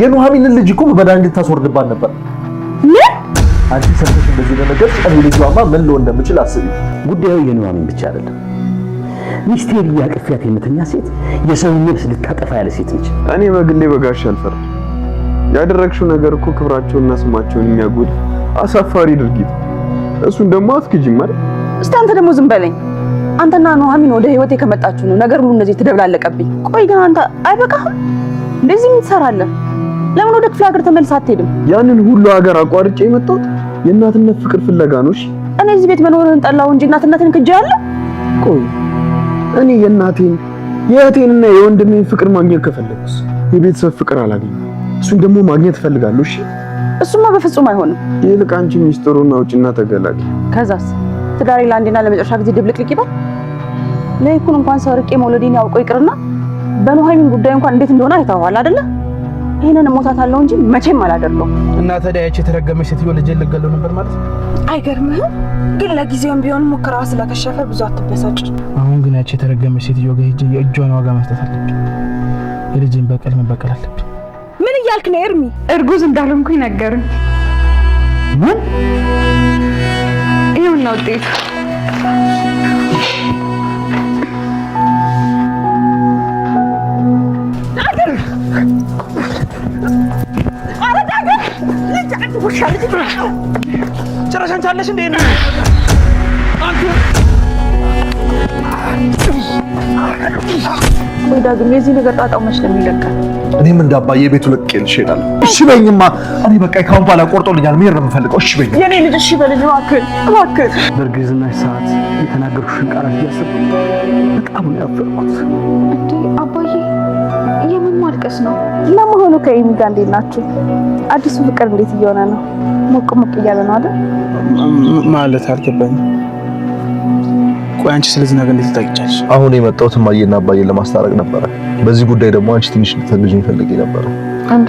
የኑሐሚንን ልጅ እኮ በመድኃኒት ታስወርድባት ነበር። ምን አንቺ ሰርተሽ እንደዚህ ለነገር ቀሪ ልጇማ ምን ልሆን እንደምችል አስቢ። ጉዳዩ የኑሐሚን ብቻ አይደለም። ሚስቴር ያቅፊያት የምተኛ ሴት የሰው ነፍስ ልታጠፋ ያለ ሴት ነች። እኔ በግሌ በጋሽ አልፈርድ። ያደረግሽው ነገር እኮ ክብራቸውንና ስማቸውን የሚያጎድ አሳፋሪ ድርጊት፣ እሱን ደግሞ አትክጂም አይደል? እስቲ አንተ ደግሞ ዝም በለኝ። አንተና ኑሐሚን ወደ ህይወቴ ከመጣችሁ ነው ነገር ሁሉ እንደዚህ ትደብላለቀብኝ። ቆይ ግን አንተ አይበቃህም? እንደዚህ ምን ትሰራለህ? ለምን ወደ ክፍለ ሀገር ተመልሳ አትሄድም? ያንን ሁሉ ሀገር አቋርጬ የመጣሁት የእናትነት ፍቅር ፍለጋ ነው። እሺ እኔ እዚህ ቤት መኖርህን ጠላሁ እንጂ እናትነትን ክጃ ያለ ቆይ እኔ የእናቴን የእህቴንና የወንድሜን ፍቅር ማግኘት ከፈለግኩስ የቤተሰብ ፍቅር አላገኘም። እሱን ደግሞ ማግኘት እፈልጋለሁ። እሺ እሱማ በፍጹም አይሆንም። ይልቅ አንቺ ሚስጥሩን አውጪና ተገላቂ። ከዛስ ትዳሬ ለአንዴና ለመጨረሻ ጊዜ ድብልቅልቅ ይባል ለይኩን እንኳን ሰርቄ መውለዴን ያውቀው ይቅርና በኑሃሚን ጉዳይ እንኳን እንዴት እንደሆነ አይተኸዋል አይደለ? ይሄንን እሞታታለሁ እንጂ መቼም አላደርገው። እና ታዲያ ያቺ የተረገመች ሴትዮ ልጄን ልገለው ነበር ማለት ነው? አይገርምህም? ግን ለጊዜውም ቢሆን ሙከራዋ ስለከሸፈ ብዙ አትበሳጭ። አሁን ግን ያቺ የተረገመች ሴትዮ ጋር ሂጅ፣ የእጇን ዋጋ መስጠት አለብኝ። የልጄን በቀል መበቀል አለብኝ። ምን እያልክ ነው ኤርሚ? እርጉዝ እንዳልሆንኩኝ ነገሩኝ። ምን? ይኸውና ውጤቱ ጭራሽ ጭራሽ አንቺ አለሽ እንዴ? አንቺ ወይ ዳግም የዚህ ነገር ጣጣው መች ነው የሚለቀው? እኔም እንዳባዬ ቤቱ ለቅቄ ልሄዳለሁ። እሺ በይኝማ። እኔ በቃ ካሁን በኋላ ቆርጦልኛል። ምን ነው የምፈልገው? እሺ በይኝ የኔ ልጅ። እሺ በልኝ እባክህ፣ እባክህ። በእርግዝናሽ ሰዓት የተናገርኩሽን ቃላት እያሰብኩ በጣም ነው ያፈርኩት። እንዴ አባዬ የምን ማልቀስ ነው? ለመሆኑ ከኤሚ ጋር እንዴት ናችሁ? አዲሱ ፍቅር እንዴት እየሆነ ነው? ሞቅ ሞቅ እያለ ነው አይደል? ማለት አልገባኝም። ቆይ አንቺ ስለዚህ ነገር እንዴት ታውቂያለሽ? አሁን የመጣሁት እማዬና አባዬን ለማስታረቅ ነበረ። በዚህ ጉዳይ ደግሞ አንቺ ትንሽ ልትፈልጂኝ ፈልጌ ነበረ። እንዴ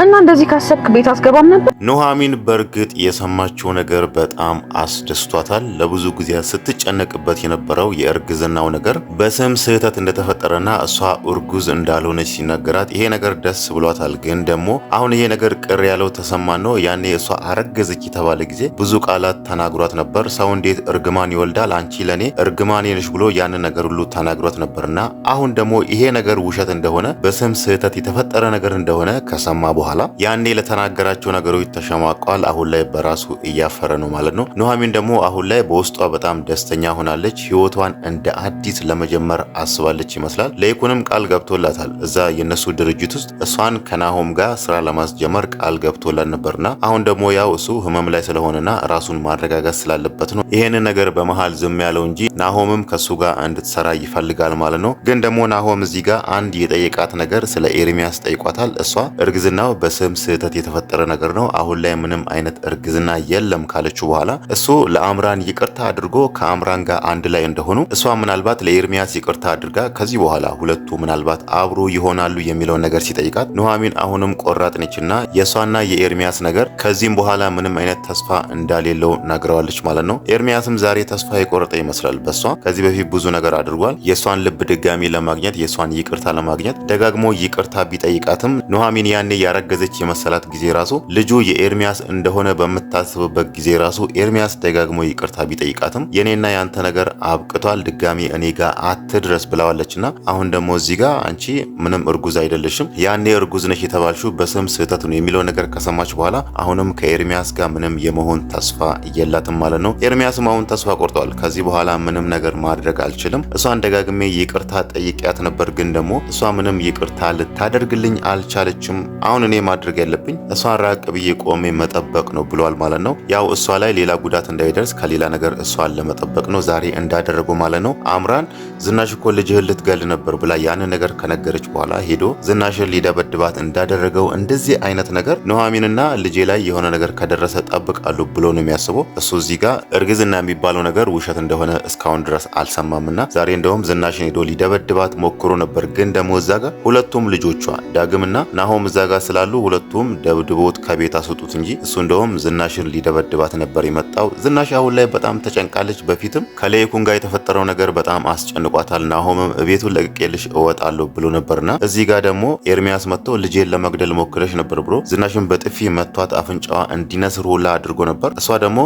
እና እንደዚህ ካሰብክ ቤት አስገባም ነበር። ኑሐሚን በእርግጥ የሰማችው ነገር በጣም አስደስቷታል። ለብዙ ጊዜያት ስትጨነቅበት የነበረው የእርግዝናው ነገር በስም ስህተት እንደተፈጠረና እሷ እርጉዝ እንዳልሆነች ሲነገራት ይሄ ነገር ደስ ብሏታል። ግን ደግሞ አሁን ይሄ ነገር ቅር ያለው ተሰማን ነው። ያኔ እሷ አረገዘች የተባለ ጊዜ ብዙ ቃላት ተናግሯት ነበር። ሰው እንዴት እርግማን ይወልዳል? አንቺ ለእኔ እርግማን ነሽ ብሎ ያንን ነገር ሁሉ ተናግሯት ነበርና አሁን ደግሞ ይሄ ነገር ውሸት እንደሆነ በስም ስህተት የተፈጠረ ነገር እንደሆነ ከሰማ በኋላ ያኔ ለተናገራቸው ነገሮች ተሸማቋል። አሁን ላይ በራሱ እያፈረ ነው ማለት ነው። ኑሐሚን ደግሞ አሁን ላይ በውስጧ በጣም ደስተኛ ሆናለች። ህይወቷን እንደ አዲስ ለመጀመር አስባለች ይመስላል። ለይኩንም ቃል ገብቶላታል። እዛ የነሱ ድርጅት ውስጥ እሷን ከናሆም ጋር ስራ ለማስጀመር ቃል ገብቶላት ነበርና አሁን ደግሞ ያው እሱ ህመም ላይ ስለሆነና ራሱን ማረጋጋት ስላለበት ነው ይህን ነገር በመሀል ዝም ያለው እንጂ ናሆምም ከሱ ጋር እንድትሰራ ይፈልጋል ማለት ነው። ግን ደግሞ ናሆም እዚህ ጋር አንድ የጠየቃት ነገር ስለ ኤርሚያስ ጠይቋታል። እሷ እርግዝናው በስም ስህተት የተፈጠረ ነገር ነው፣ አሁን ላይ ምንም አይነት እርግዝና የለም ካለችው በኋላ እሱ ለአምራን ይቅርታ አድርጎ ከአምራን ጋር አንድ ላይ እንደሆኑ እሷ ምናልባት ለኤርሚያስ ይቅርታ አድርጋ ከዚህ በኋላ ሁለቱ ምናልባት አብሮ ይሆናሉ የሚለውን ነገር ሲጠይቃት ኑሐሚን አሁንም ቆራጥ ነችና የእሷና የኤርሚያስ ነገር ከዚህም በኋላ ምንም አይነት ተስፋ እንዳሌለው ነግረዋለች ማለት ነው። ኤርሚያስም ዛሬ ተስፋ የቆረጠ ይመስላል በሷ ከዚህ በፊት ብዙ ነገር አድርጓል። የእሷን ልብ ድጋሚ ለማግኘት የእሷን ይቅርታ ለማግኘት ደጋግሞ ይቅርታ ቢጠይቃትም ኑሐሚን ያኔ ያረ ያረገዘች የመሰላት ጊዜ ራሱ ልጁ የኤርሚያስ እንደሆነ በምታስብበት ጊዜ ራሱ ኤርሚያስ ደጋግሞ ይቅርታ ቢጠይቃትም የኔና ያንተ ነገር አብቅቷል፣ ድጋሚ እኔ ጋር አትድረስ ብለዋለችና አሁን ደግሞ እዚህ ጋር አንቺ ምንም እርጉዝ አይደለሽም፣ ያኔ እርጉዝ ነሽ የተባልሽው በስም ስህተት ነው የሚለው ነገር ከሰማች በኋላ አሁንም ከኤርሚያስ ጋር ምንም የመሆን ተስፋ የላትም ማለት ነው። ኤርሚያስም አሁን ተስፋ ቆርጧል። ከዚህ በኋላ ምንም ነገር ማድረግ አልችልም፣ እሷን ደጋግሜ ይቅርታ ጠይቂያት ነበር፣ ግን ደግሞ እሷ ምንም ይቅርታ ልታደርግልኝ አልቻለችም። አሁን እኔ ማድረግ ያለብኝ እሷን ራቅ ብዬ ቆሜ መጠበቅ ነው ብሏል ማለት ነው። ያው እሷ ላይ ሌላ ጉዳት እንዳይደርስ ከሌላ ነገር እሷን ለመጠበቅ ነው ዛሬ እንዳደረገው ማለት ነው። አምራን ዝናሽ እኮ ልጅህን ልትገል ነበር ብላ ያንን ነገር ከነገረች በኋላ ሄዶ ዝናሽን ሊደበድባት እንዳደረገው እንደዚህ አይነት ነገር ኑሐሚንና ልጄ ላይ የሆነ ነገር ከደረሰ ጠብቃሉ ብሎ ነው የሚያስበው። እሱ እዚህ ጋር እርግዝና የሚባለው ነገር ውሸት እንደሆነ እስካሁን ድረስ አልሰማምና ዛሬ እንደውም ዝናሽን ሄዶ ሊደበድባት ሞክሮ ነበር። ግን ደግሞ እዛ ጋር ሁለቱም ልጆቿ ዳግምና ናሆም እዛ ጋር ስላ ስላሉ ሁለቱም ደብድቦት ከቤት አስወጡት እንጂ እሱ እንደውም ዝናሽን ሊደበድባት ነበር የመጣው። ዝናሽ አሁን ላይ በጣም ተጨንቃለች። በፊትም ከሌይኩን ጋር የተፈጠረው ነገር በጣም አስጨንቋታል። ናሆምም ቤቱን ለቅቄልሽ እወጣለሁ ብሎ ነበርና እዚህ ጋር ደግሞ ኤርሚያስ መጥቶ ልጄን ለመግደል ሞክረሽ ነበር ብሎ ዝናሽን በጥፊ መቷት። አፍንጫዋ እንዲነስር ሁላ አድርጎ ነበር። እሷ ደግሞ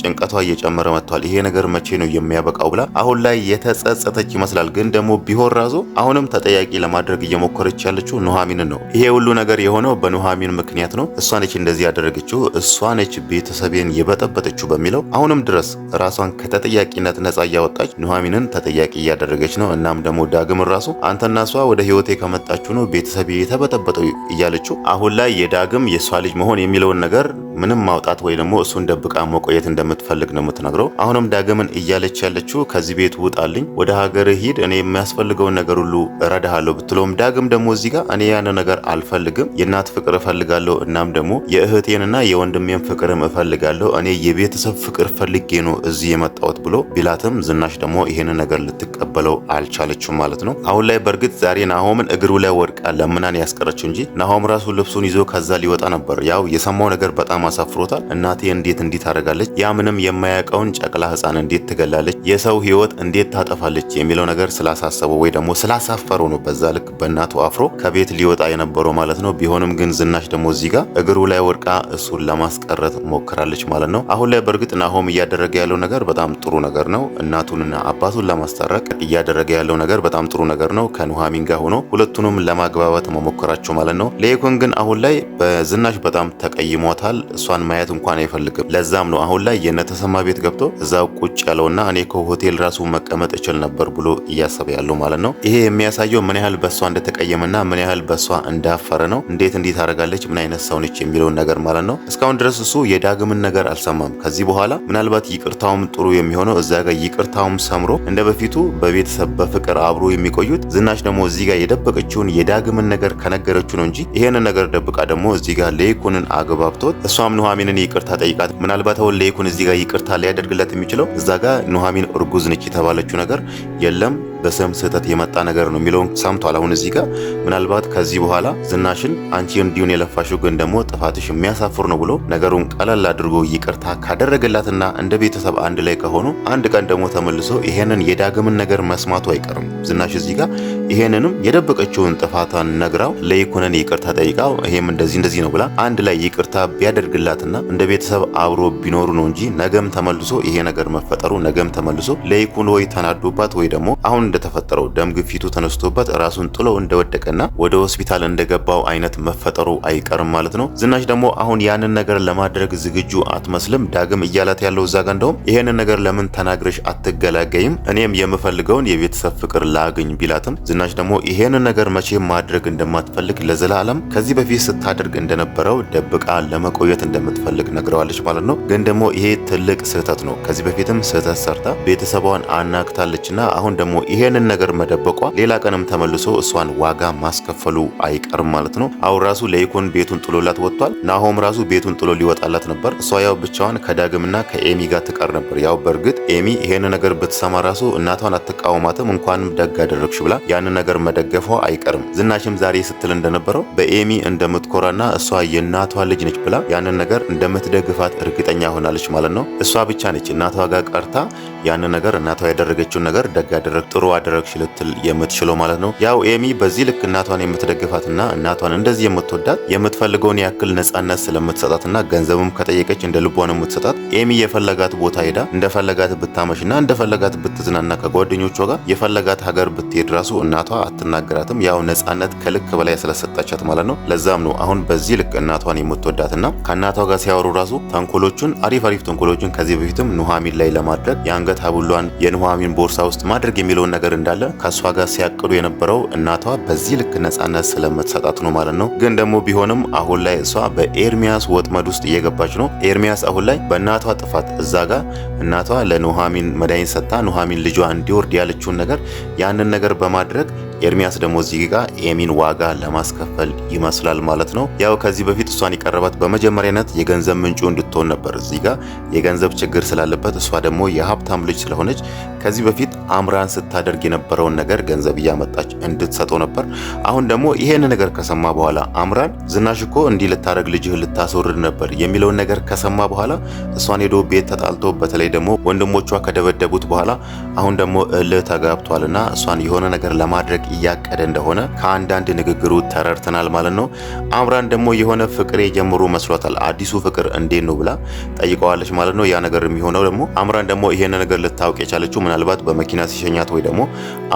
ጭንቀቷ እየጨመረ መጥቷል። ይሄ ነገር መቼ ነው የሚያበቃው ብላ አሁን ላይ የተጸጸተች ይመስላል። ግን ደግሞ ቢሆን ራሱ አሁንም ተጠያቂ ለማድረግ እየሞከረች ያለችው ኑሐሚንን ነው። ይሄ ሁሉ ነገር የሆነው በኑሐሚን ምክንያት ነው። እሷ ነች እንደዚህ ያደረገችው፣ እሷ ነች ቤተሰቤን የበጠበጠችው በሚለው አሁንም ድረስ ራሷን ከተጠያቂነት ነጻ እያወጣች ኑሐሚንን ተጠያቂ እያደረገች ነው። እናም ደግሞ ዳግም ራሱ አንተና እሷ ወደ ህይወቴ ከመጣችሁ ነው ቤተሰቤ የተበጠበጠው እያለችው አሁን ላይ የዳግም የእሷ ልጅ መሆን የሚለውን ነገር ምንም ማውጣት ወይ ደግሞ እሱን ደብቃ መቆየት እንደ እንደምትፈልግ ነው የምትነግረው። አሁንም ዳግምን እያለች ያለችው ከዚህ ቤት ውጣልኝ፣ ወደ ሀገር ሂድ፣ እኔ የሚያስፈልገውን ነገር ሁሉ እረዳሃለሁ ብትለውም ዳግም ደግሞ እዚህ ጋር እኔ ያን ነገር አልፈልግም፣ የእናት ፍቅር እፈልጋለሁ፣ እናም ደግሞ የእህቴንና የወንድሜን ፍቅርም እፈልጋለሁ፣ እኔ የቤተሰብ ፍቅር ፈልጌ ነው እዚህ የመጣሁት ብሎ ቢላትም ዝናሽ ደግሞ ይሄንን ነገር ልትቀበለው አልቻለችም ማለት ነው። አሁን ላይ በእርግጥ ዛሬ ናሆምን እግሩ ላይ ወድቃ ለምናን ያስቀረችው እንጂ ናሆም ራሱ ልብሱን ይዞ ከዛ ሊወጣ ነበር። ያው የሰማው ነገር በጣም አሳፍሮታል። እናቴ እንዴት እንዲት አደርጋለች ያ ምንም የማያውቀውን ጨቅላ ህፃን እንዴት ትገላለች፣ የሰው ህይወት እንዴት ታጠፋለች የሚለው ነገር ስላሳሰበው ወይ ደግሞ ስላሳፈረው ነው። በዛ ልክ በእናቱ አፍሮ ከቤት ሊወጣ የነበረው ማለት ነው። ቢሆንም ግን ዝናሽ ደግሞ እዚህ ጋር እግሩ ላይ ወድቃ እሱን ለማስቀረት ሞክራለች ማለት ነው። አሁን ላይ በእርግጥ ናሆም እያደረገ ያለው ነገር በጣም ጥሩ ነገር ነው። እናቱንና አባቱን ለማስታረቅ እያደረገ ያለው ነገር በጣም ጥሩ ነገር ነው። ከኑሐሚን ጋር ሆኖ ሁለቱንም ለማግባባት መሞከራቸው ማለት ነው። ለይኩን ግን አሁን ላይ በዝናሽ በጣም ተቀይሟታል። እሷን ማየት እንኳን አይፈልግም። ለዛም ነው አሁን ላይ የነ ተሰማ ቤት ገብቶ እዛ ቁጭ ያለውና እኔ ከሆቴል ራሱ መቀመጥ እችል ነበር ብሎ እያሰበ ያለው ማለት ነው። ይሄ የሚያሳየው ምን ያህል በሷ እንደተቀየመና ምን ያህል በሷ እንዳፈረ ነው። እንዴት እንዲህ ታደርጋለች፣ ምን አይነት ሰው ነች የሚለውን ነገር ማለት ነው። እስካሁን ድረስ እሱ የዳግምን ነገር አልሰማም። ከዚህ በኋላ ምናልባት ይቅርታውም ጥሩ የሚሆነው እዛ ጋር ይቅርታውም ሰምሮ እንደ በፊቱ በቤተሰብ በፍቅር አብሮ የሚቆዩት ዝናሽ ደግሞ እዚህ ጋር የደበቀችውን የዳግምን ነገር ከነገረችው ነው እንጂ ይሄንን ነገር ደብቃ ደግሞ እዚህ ጋር ለይኩንን አግባብቶት እሷም ኑሐሚንን ይቅርታ ጠይቃት ምናልባት አሁን ለይኩን እዚህ ጋር ይቅርታ ሊያደርግለት የሚችለው እዛ ጋር ኑሐሚን እርጉዝ ነች የተባለችው ነገር የለም በስም ስህተት የመጣ ነገር ነው የሚለውን ሰምቷል። አሁን እዚህ ጋር ምናልባት ከዚህ በኋላ ዝናሽን አንቺ እንዲሁን የለፋሽው ግን ደግሞ ጥፋትሽ የሚያሳፍር ነው ብሎ ነገሩን ቀለል አድርጎ ይቅርታ ካደረገላትና እንደ ቤተሰብ አንድ ላይ ከሆኑ አንድ ቀን ደግሞ ተመልሶ ይሄንን የዳግምን ነገር መስማቱ አይቀርም። ዝናሽ እዚህ ጋር ይሄንንም የደበቀችውን ጥፋቷን ነግራው ለይኩነን ይቅርታ ጠይቃው ይሄም እንደዚህ እንደዚህ ነው ብላ አንድ ላይ ይቅርታ ቢያደርግላትና እንደ ቤተሰብ አብሮ ቢኖሩ ነው እንጂ ነገም ተመልሶ ይሄ ነገር መፈጠሩ ነገም ተመልሶ ለይኩን ወይ ተናዶባት ወይ ደግሞ አሁን እንደተፈጠረው ደም ግፊቱ ተነስቶበት ራሱን ጥሎ እንደወደቀና ወደ ሆስፒታል እንደገባው አይነት መፈጠሩ አይቀርም ማለት ነው። ዝናሽ ደግሞ አሁን ያንን ነገር ለማድረግ ዝግጁ አትመስልም። ዳግም እያላት ያለው እዛ ጋ እንደውም ይሄንን ነገር ለምን ተናግረሽ አትገላገይም? እኔም የምፈልገውን የቤተሰብ ፍቅር ላግኝ ቢላትም ዝናሽ ደግሞ ይሄንን ነገር መቼ ማድረግ እንደማትፈልግ ለዘላለም ከዚህ በፊት ስታደርግ እንደነበረው ደብቃ ለመቆየት እንደምትፈልግ ነግረዋለች ማለት ነው። ግን ደግሞ ይሄ ትልቅ ስህተት ነው። ከዚህ በፊትም ስህተት ሰርታ ቤተሰቧን አናክታለችና አሁን ደግሞ ይሄንን ነገር መደበቋ ሌላ ቀንም ተመልሶ እሷን ዋጋ ማስከፈሉ አይቀርም ማለት ነው። አሁን ራሱ ለኢኮን ቤቱን ጥሎላት ወጥቷል። ናሆም ራሱ ቤቱን ጥሎ ሊወጣላት ነበር። እሷ ያው ብቻዋን ከዳግምና ከኤሚ ጋር ትቀር ነበር። ያው በእርግጥ ኤሚ ይሄን ነገር ብትሰማ ራሱ እናቷን አትቃወማትም፣ እንኳንም ደግ አደረግሽ ብላ ያንን ነገር መደገፏ አይቀርም። ዝናሽም ዛሬ ስትል እንደነበረው በኤሚ እንደምትኮራና እሷ የእናቷ ልጅ ነች ብላ ያንን ነገር እንደምትደግፋት እርግጠኛ ሆናለች ማለት ነው። እሷ ብቻ ነች እናቷ ጋር ቀርታ ያን ነገር እናቷ ያደረገችውን ነገር ደግ ያደረግ ጥሩ አደረግሽ ልትል የምትችለው ማለት ነው። ያው ኤሚ በዚህ ልክ እናቷን የምትደግፋትና እናቷን እንደዚህ የምትወዳት የምትፈልገውን ያክል ነጻነት ስለምትሰጣትና ገንዘብም ከጠየቀች እንደ ልቧን የምትሰጣት ኤሚ የፈለጋት ቦታ ሄዳ እንደፈለጋት ብታመሽና እንደፈለጋት ብትዝናና ከጓደኞቿ ጋር የፈለጋት ሀገር ብትሄድ ራሱ እናቷ አትናገራትም። ያው ነጻነት ከልክ በላይ ስለሰጣቻት ማለት ነው። ለዛም ነው አሁን በዚህ ልክ እናቷን የምትወዳትና ከእናቷ ጋር ሲያወሩ ራሱ ተንኮሎቹን አሪፍ አሪፍ ተንኮሎችን ከዚህ በፊትም ኑሐሚን ላይ ለማድረግ የአንገት ሀብሏን የኑሐሚን ቦርሳ ውስጥ ማድረግ የሚለውን ነገር እንዳለ ከእሷ ጋር ሲያቅዱ የነበረው እናቷ በዚህ ልክ ነጻነት ስለምትሰጣት ነው ማለት ነው። ግን ደግሞ ቢሆንም አሁን ላይ እሷ በኤርሚያስ ወጥመድ ውስጥ እየገባች ነው። ኤርሚያስ አሁን ላይ በእናቷ ጥፋት እዛ ጋር እናቷ ለኑሐሚን መድኃኒት ሰጥታ ኑሐሚን ልጇ እንዲወርድ ያለችውን ነገር ያንን ነገር በማድረግ ኤርሚያስ ደግሞ እዚህ ጋር ኤሚን ዋጋ ለማስከፈል ይመስላል ማለት ነው። ያው ከዚህ በፊት እሷን የቀረባት በመጀመሪያነት የገንዘብ ምንጩ እንድትሆን ነበር። እዚህ ጋር የገንዘብ ችግር ስላለበት እሷ ደግሞ የሀብታም ልጅ ስለሆነች ከዚህ በፊት አምራን ስታደርግ የነበረውን ነገር ገንዘብ እያመጣች እንድትሰጠው ነበር። አሁን ደግሞ ይሄን ነገር ከሰማ በኋላ አምራን ዝናሽ እኮ እንዲህ ልታደርግ ልጅህ ልታስወርድ ነበር የሚለውን ነገር ከሰማ በኋላ እሷን ሄዶ ቤት ተጣልቶ በተለይ ደግሞ ወንድሞቿ ከደበደቡት በኋላ አሁን ደግሞ እልህ ተጋብቷልና እሷን የሆነ ነገር ለማድረግ እያቀደ እንደሆነ ከአንዳንድ ንግግሩ ተረድተናል ማለት ነው። አምራን ደግሞ የሆነ ፍቅር የጀምሩ መስሏታል። አዲሱ ፍቅር እንዴት ነው ብላ ጠይቀዋለች ማለት ነው። ያ ነገር የሚሆነው ደግሞ አምራን ደግሞ ይሄን ነገር ልታውቅ የቻለችው ምናልባት በመኪና ሲሸኛት ወይ ደግሞ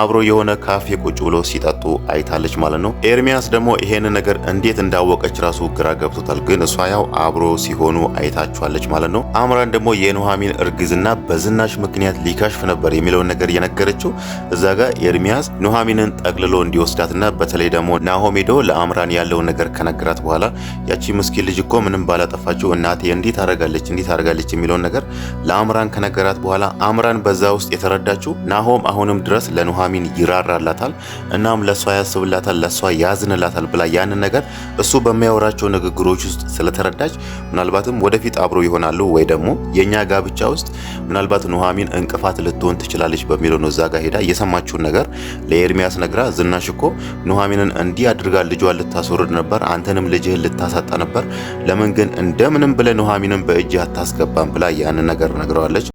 አብሮ የሆነ ካፌ ቁጭ ብሎ ሲጠጡ አይታለች ማለት ነው። ኤርሚያስ ደግሞ ይሄንን ነገር እንዴት እንዳወቀች ራሱ ግራ ገብቶታል። ግን እሷ ያው አብሮ ሲሆኑ አይታችኋለች ማለት ነው። አምራን ደግሞ የኑሐሚን እርግዝና በዝናሽ ምክንያት ሊካሽፍ ነበር የሚለውን ነገር የነገረችው እዛ ጋር ኤርሚያስ ኑሐሚንን ጠቅልሎ እንዲወስዳትና በተለይ ደግሞ ናሆሜዶ ለአምራን ያለውን ነገር ከነገራት በኋላ ያቺ ምስኪን ልጅ እኮ ምንም ባላጠፋችው እናቴ እንዲት አረጋለች እንዲት አረጋለች የሚለውን ነገር ለአምራን ከነገራት በኋላ አምራን በዛ ውስጥ ከተረዳችው ናሆም አሁንም ድረስ ለኑሐሚን ይራራላታል፣ እናም ለእሷ ያስብላታል፣ ለእሷ ያዝንላታል ብላ ያንን ነገር እሱ በሚያወራቸው ንግግሮች ውስጥ ስለተረዳች ምናልባትም ወደፊት አብሮ ይሆናሉ ወይ ደግሞ የእኛ ጋብቻ ውስጥ ምናልባት ኑሐሚን እንቅፋት ልትሆን ትችላለች በሚለው ነው እዛ ጋ ሄዳ የሰማችውን ነገር ለኤርሚያስ ነግራ፣ ዝናሽ እኮ ኑሐሚንን እንዲህ አድርጋ ልጇን ልታስወርድ ነበር፣ አንተንም ልጅህን ልታሳጣ ነበር፣ ለምን ግን እንደምንም ብለ ኑሐሚንን በእጅ አታስገባም ብላ ያንን ነገር ነግረዋለች።